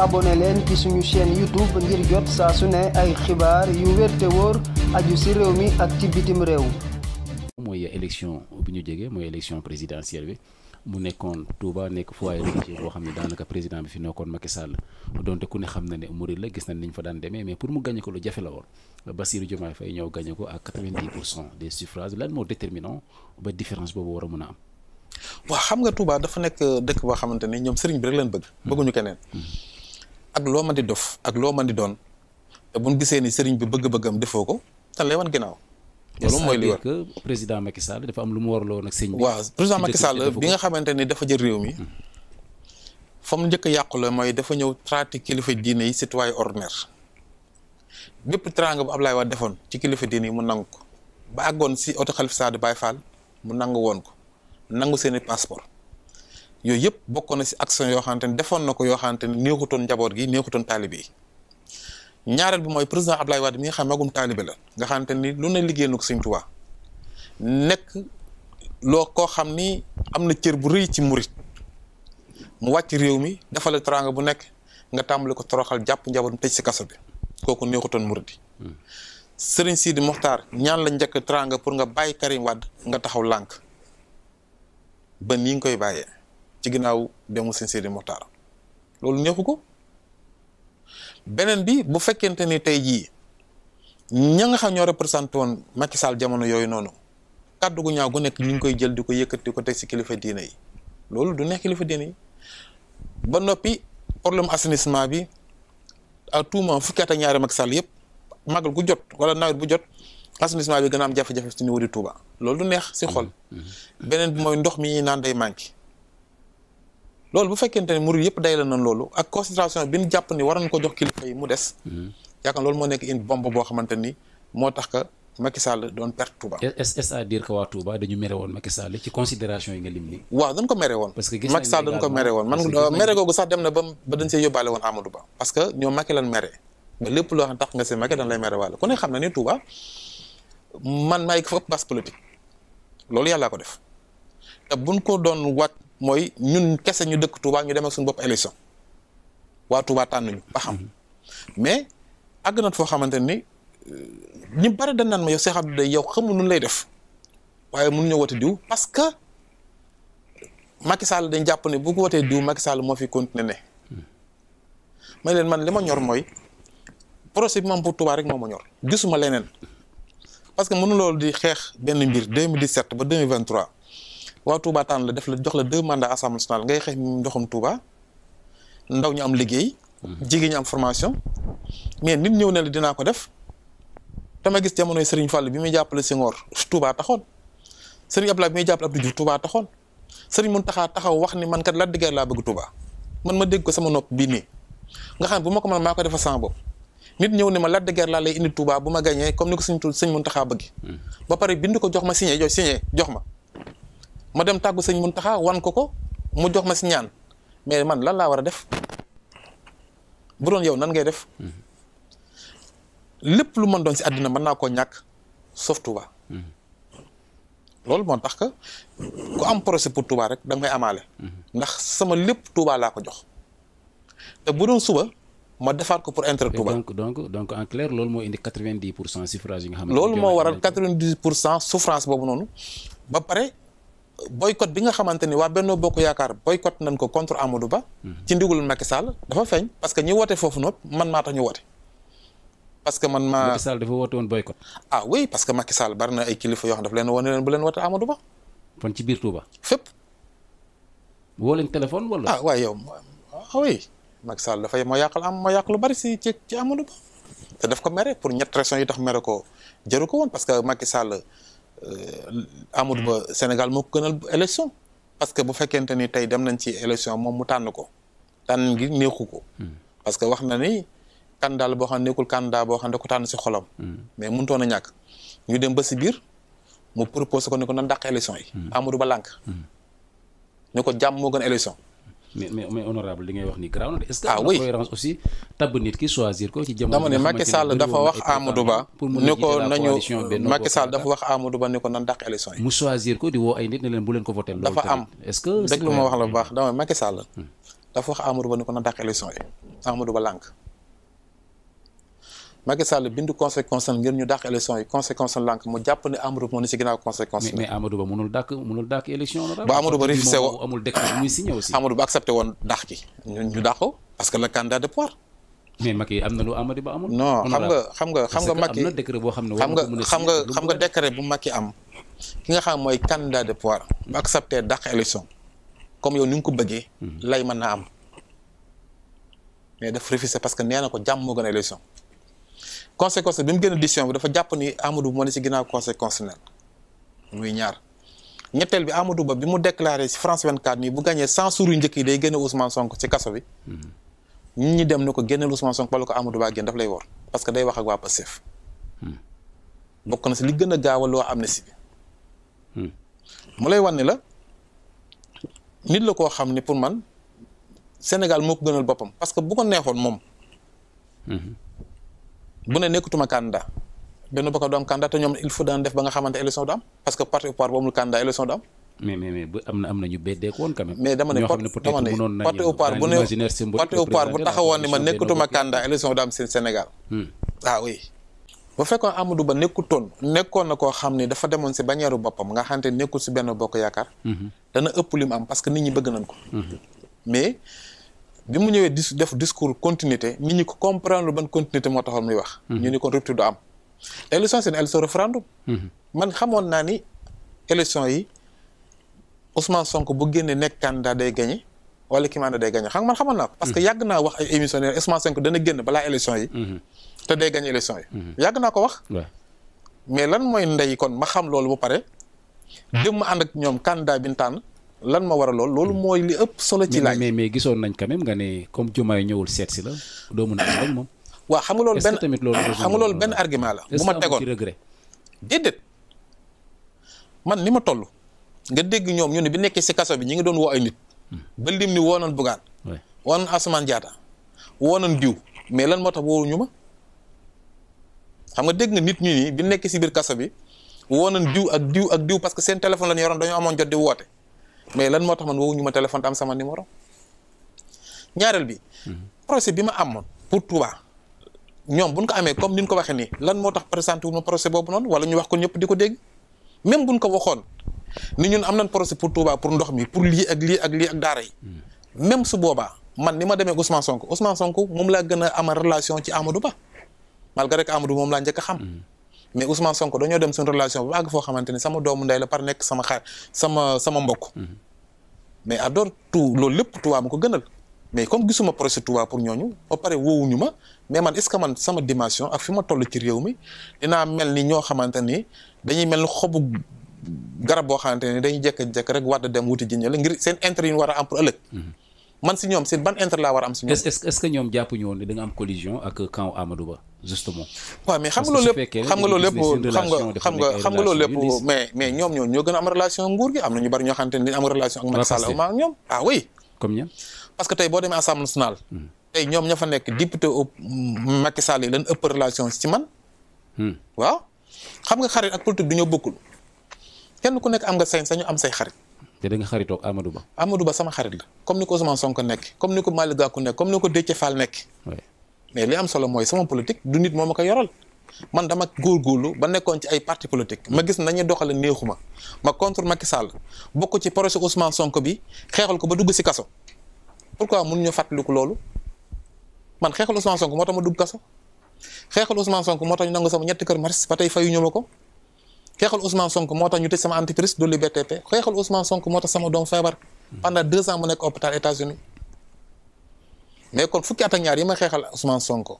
abonné leen ci suñu chaîne YouTube ngir jot saa su ne ay xibaar yu wér te wóor aju si réew mi ak ci bitim réew. mooy élection bi ñu jege mooy élection présidentielle bi mu nekkoon Touba nekk foyer religieux boo xam ne daanaka président bi fi nekkoon Macky Sall donte ku ne xam na ne murid la gis nañ ni ñu fa daan demee mais pour mu gagné ko lu jafe la woon Bassirou Diomaye fay ñëw gagné ko à 90 pour cent des suffrages lan moo déterminant ba différence boobu war a mën a am. waaw xam nga Touba dafa nekk dëkk boo xamante ni ñoom sëriñ bi rek leen bëgg. bëgguñu keneen. Hmm. ak loo mën di dof ak loo mën di doon te bu ñu gisee ni sëriñ bi bëgg-bëggam defoo ko tan lay wan ginnaaw. loolu mooy li war président Macky Sall dafa am lu mu warloo nag sëñ bi. waaw président Macky Sall bi nga xamante ni dafa jël réew mi. Hmm. fa mu njëkk a yàqu la mooy dafa ñëw traité kilifa diine yi citoyen ordinaire bépp teraanga bu Ablaye Wade defoon ci kilifa diine yi mu nangu ko ba àggoon si oto xalif Saadu Baye Fall mu nangu woon ko nangu seeni passeport yooyu yëpp bokkoon na si action yoo xamante ne defoon na ko yoo xamante ne neexutoon njaboot gi neexutoon taalibe yi ñaareel bi mooy président Abdoulaye Wade mi nga xam magum taalibe la nga xamante ni lu ne liggéey na ko Sëñ Tuubaa nekk loo koo xam ni am na cër bu rëy ci murit mu wàcc réew mi dafa la teraanga bu nekk nga tàmbali ko toroxal jàpp njabootam tëj ci kaso bi kooku neexutoon murit yi hmm. Sëriñ Sidi Moxtaar ñaan la njëkk teraanga pour nga bàyyi Karim Wade nga taxaw lànk ba nii nga koy bàyyee ci ginnaaw demu seen Seydi Moxtaar loolu neexu ko beneen bi bu fekkente ni tey jii ña nga xam ñoo représenté woon Macky Sall jamono yooyu noonu kàddu gu ñaaw gu nekk ñu koy jël di ko yëkkati ko teg si kilifa diine yi loolu du neex kilifa diine yi ba noppi problème assainissement bi à tout moment fukki at ak ñaari Macky Sall yëpp magal gu jot wala nawet bu jot assainissement bi gën a am jafe-jafe suñu wari Touba loolu du neex si xol mm-hmm. beneen bi mooy ndox mi ñuy naan day manqué. loolu bu fekkente ne murid yëpp day la nañ loolu ak concentration bi ñu jàpp ni war nañ ko jox kilifa mu des. Hmm. yaakaar loolu moo nekk une bombe boo xamante ni moo tax ka Macky Sall doon perte Touba. est-ce à waa Touba dañu mere woon Macky Sall ci considération yi nga lim nii. waaw dañ ko mere woon. parce que gis Macky Sall dañ ko mere woon man mere googu sax lan mere ba lépp loo xam tax nga si Macky dañ lay mere waale ku ne xam na ni Touba man maay ko ëpp base politique loolu yàllaa ko def te buñ ko doon wat mooy ñun kese ñu dëkk Touba ñu dem ak suñu bopp élection waa Touba tànn ñu ba xam mais àgg na foo xamante ni euh, ñu bari dan naan ma yow Cheikh Abdou Day yow xamul nu lay def waaye mënuñu wote diw parce que Macky Sall dañ jàpp ne bu ko wotee diw Macky Sall moo fi continuer may leen man li ma ñor mooy projet bi ma am pour rek moo ma ñor gisuma leneen parce que mënu loolu di xeex benn mbir 2017 ba 2023. waaw tuubaa tànn la def la jox la deux mandats assemblée nationale ngay xeex ndoxum Touba ndaw ñu am liggéey. Mhm. jigéen ñu am formation. mais nit ñëw ne la dinaa ko def dama gis jamonoy Serigne Fall bi muy jàppale Senghor Touba taxoon Serigne Abdoulaye bi muy jàppale Abdou Diouf Touba taxoon Serigne Mountakha taxaw wax ni man kat la dëgër laa bëgg Touba man ma dégg ko sama nopp bii nii nga xam bu ma ko mën maa ko defa sama bopp. nit ñëw ne ma Lac de Guiers laa lay indi Touba bu ma gañee comme ni ko sëñ Sëñ Mountakha bëgg. Mhm. ba pare bind ko jox ma signé jox signé jox ma. ma dem tàggu mun Muntaxa wan ko ko mu jox ma si ñaan mais man lan laa war a def bu doon yow nan ngay def mm-hmm. lépp lu man doon si àddina mën naa koo ñàkk sauf Touba mm-hmm. loolu moo tax que ku am projet pour Touba rek da nga amaale mm-hmm. ndax sama lépp Touba laa ko jox te bu doon suba ma defaat ko pour intérêt Touba donc donc donc en clair loolu moo indi quatre pour cent suffrage yi nga xam ne loolu moo waral quatre-vingt-dix pour cent souffrance boobu noonu ba pare boycott bi nga xamante ni waa Benno Bokk Yaakaar boycott nañ ko contre Amadou Ba. Mhm. ci ndigalul Macky Sall dafa feeñ parce que ñi woote foofu noonu man maa tax ñu woote. parce que man ma Macky Sall dafa woote woon boycott. ah oui parce Sall bari na ay kilifa yoo daf leen wane leen bu leen woote Amadou Ba. ci biir Touba. fépp. woo téléphone wala. ah waaye yow ah oui Macky Sall dafay am yàq lu bari si ci ci Ba. te daf ko mere pour ñett raisons yi tax mere ko jëru ko woon parce que Macky Sall. Amadou Ba Sénégal moo ko gënal élection parce que bu fekkente ni tey dem nañ ci élection moom mu tànn ko tànn gi neexu ko parce que wax na ni candidat la boo xam ne nekkul candidat boo xam ne ko tànn si xolam mais mënutoon a ñàkk ñu dem ba si biir mu proposé ko ne ko nan dàq élection yi hmm. Amadou Ba lànk hmm. ne ko jàmm moo gën élection mais mais mais honorable li ngay wax ni graaw ah aussi tabb nit ki choisir ko ci jamono. dama ne Macky Sall dafa wax Amadou pour a ko nañu Macky Sall dafa wax Amadou Ba ni ko nan dàq élection yi. mu choisir ko di woo ay nit ne leen bu leen ko voté. loolu dafa am est-ce que. dégg lu ma wax la bu baax hmm. dama ne Macky Sall. Hmm. dafa wax Amadou ni ko nan dàq élection yi Amadou Ba Macky Sall bindu conseil constitutionnel ngir ñu dàq élection yi conseil mu jàpp ne Amadou Ba moo ne si ginnaaw conseil na mais mais Amadou Ba mënul dàq mënul dàq élection la. ba Amadou Ba refusé woon amul décret bu muy signé parce que le candidat de pouvoir. mais am na lu Amadou Ba amul. non xam xam nga xam nga Macky am na décret boo xam ne xam nga xam nga xam nga décret bu Macky am ki nga xam mooy candidat de pouvoir bu accepté dàq élection comme yow ni nga ko bëggee hmm. lay mën naa am mais daf refusé parce que nee na ko jàmm moo gën élection conseil constitutionnel bi mu génn décision bi dafa jàpp ni Amadou moo ne si ginnaaw conseil muy ñaar ñetteel bi Amadou Ba bi mu déclaré si France 24 nii bu gagné censure yu njëkk yi day génne Ousmane Sonko ci kaso bi ñi mm-hmm. ñi dem na ko génneel Ousmane Sonko wala ko Amadou Ba génn daf lay wor parce que day wax ak waa Pastef mm-hmm. bokk na si li gën a gaawal loo amnistie bi mm-hmm. mu lay wan ne la nit la koo xam ni pour man Sénégal moo ko gënal boppam parce que bu ko neexoon moom bu ne nekkatuma candidat benn bokk du am candidat te ñoom il faut daan def ba nga xamante élection du am parce que parti au pouvoir du am. na ma nekkatuma candidat élection du am seen Sénégal. Hmm. ah oui. fekkoon Amadou Ba nekkutoon nekkoon na koo xam ne dafa demoon si bañeeru boppam nga xamante nekkul si benn bokk yaakaar. Hmm. dana ëpp li mu am parce que nit ñi bëgg nañ ko. Hmm. mais. bi mu ñëwee dis def discours continuité nit ñi ko comprendre ban continuité moo taxoon muy wax. Mhm. ñu ni kon rupture du am. élection seen élection référendum. Mhm. man xamoon naa ni élection yi Ousmane Sonko bu génnee nekk candidat day gagné wala ki maanaam day gagné xam nga man xamoon naa ko. parce que mhm. yàgg naa wax ay émission ne Ousmane Sonko dana génn balaa élection yi. te day gagné élection yi. yàgg naa ko wax. mais lan mooy ndey kon ma xam loolu ba pare. dem ma ànd ak ñoom candidat bi lan ma war a lool loolu hmm. mooy li ëpp solo ci laaj mais mais gisoon nañ quand même nga ne comme Diomaye ñëwul seet si la doo mun a am ak moom waaw xam nga loolu benn tamit loolu xam nga loolu euh, benn argument la ma tegoon regret déedéet man ni ma toll nga dégg ñoom ñu ne bi nekkee si kaso bi ñi ngi doon woo nit hmm. ba lim ni woonan Bougane woonan Ousmane Diatta woonan diw mais lan moo tax woowuñu ma nga dégg nga nit ñu nii bi nekkee si biir kaso bi woonan diw ak diw ak diw parce que seen téléphone la yoroon dañoo amoon jot di woote mais lan moo tax man woowuñu ma téléphone am sama numéro ñaareel bi. Mhm. procès bi ma amoon pour Touba. ñoom bu ñu ko amee comme ni nu ko waxee nii lan moo tax présenté wu ma procès boobu noonu wala ñu wax ko ñëpp di ko dégg même bu ñu ko waxoon ni ñun am nañ procès pour Touba pour ndox mi pour lii ak lii ak lii ak daara yi mhm. même su boobaa man ni ma demee Ousmane Sonko Ousmane sonk moom laa gën a amal relation ci Amadou Ba malgré que Amadou moom laa njëkk a xam. Mhm. mais Ousmane Sonko dañoo dem suñu relation bu àgg foo xamante ni sama doomu ndey la par nekk sama xaar sama mbokk. Mhm. mais ador tout loolu lépp Touba ma ko gënal. mais comme gisuma projet Touba pour ñooñu o pare woowuñu ma mais man est-ce que man sama dimension ak fi ma toll ci réew mi dinaa mel ni ñoo xamante ni dañuy mel ni xobu garab boo xamante ni dañuy jékki-jékki rek war dem wuti ji ñële ngir seen intérêt yi ñu war a am pour ëllëg. Mhm. man si ñoom seen ban intérêt a am. si ñoom est-ce que ñoom jàppuñu woon ne da nga am collision ak justement waaw mais xam nga loolu lépp xam nga loolu xam nga xam nga xam nga loolu mais mais ñoom ñoo gën a am relation nguur gi am na ñu am relation ak Macky Sall ak maanaam ñoom ah oui comme ñoom parce que tey boo demee assemblée nationale hmm. tey ñoom ña nekk député Macky Sall yi lañ relation ci man hmm. waaw xam nga xarit ak politique du ñoo bokkul kenn ku nekk am nga sañ-sañu am say xarit te da nga xaritoog Amadou Ba Amadou Ba sama xarit la comme ni ko Ousmane Sonko nekk comme ni ko Malick nekk comme ni ko Déthié Fall nekk mais li am solo mooy sama politique du nit moo ma ko yoral man dama góorgóorlu ba nekkoon ci ay parti politique ma gis nañu doxale néexuma ma contre Macky Sall bokk ci projet Ousmane Sonko bi xeexal ko ba dugg si kaso pourquoi mun ñu fàttaliku loolu man xeexal Ousmane Sonko moo tax ma dugg kaso xeexal Ousmane Sonko moo tax ñu nangu sama ñetti moo tax ñu tëj sama entreprise du liberté xeexal Ousmane Sonko moo tax sama doom feebar hmm. pendant deux ans mu nekk hôpital États-Unis mais kon fukki at ak ñaar yi may xeexal Ousmane Sonko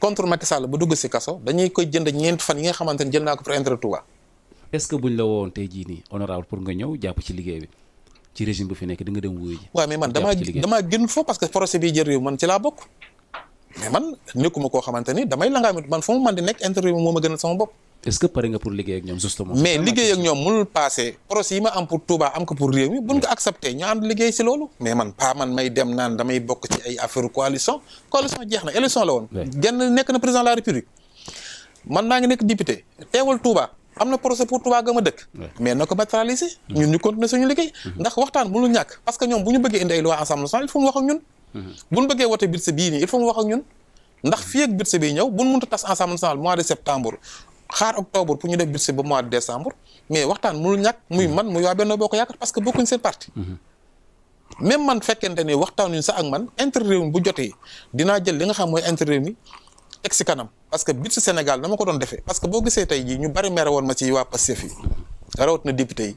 contre Macky Sall bu dugg si kaso dañuy koy jënd ñeent fan yi nga xamante ne jënd naa ko pour intérêt Touba. est ce que jii nii honorable pour ñëw jàpp ci liggéey bi ci régime bi fi nekk di nga dem wuyu ji. waaw mais man damaa damaa gën parce que procès bi jër yu man ci laa bokk. mais man nekkuma koo xamante ni damay langaamit man fu mu mën di nekk intérêt bi moo ma gënal sama bopp est que pare nga pour liggéey mais liggéey ak ñoom mënul passé procès yi ma am pour Touba am ko pour réew mi buñ ko accepté ñu ànd liggéey si loolu mais man pas man may dem naan damay genn nekk na président de la république man maa ngi nekk député teewal Touba am na procès pour Touba gama dëkk mais na ko matérialiser ñun ñu continuer suñu liggéey mm-hmm. ndax waxtaan mënul ñàkk parce que ñoom bu ñu bëggee indi ay loi assemblée nationale il ñu mm-hmm. bëggee wote budget bii nii il faut mu wax ak ñun ndax fii ak mois de septembre xaar octobre pour ñu def budget ba mois de décembre mais waxtaan mu ñàkk muy mm-hmm. man muy waa Benno Bokk Yaakaar parce que bokkuñ seen parti. Mm-hmm. même man fekkente ne waxtaanuñ sax ak man intérêt réew mi bu jotee dinaa jël li nga xam mooy intérêt mi teg si kanam parce que budget Sénégal dama ko doon defee parce que boo gisee tey jii ñu bari mere woon ma ci waa Pastef yi na député yi.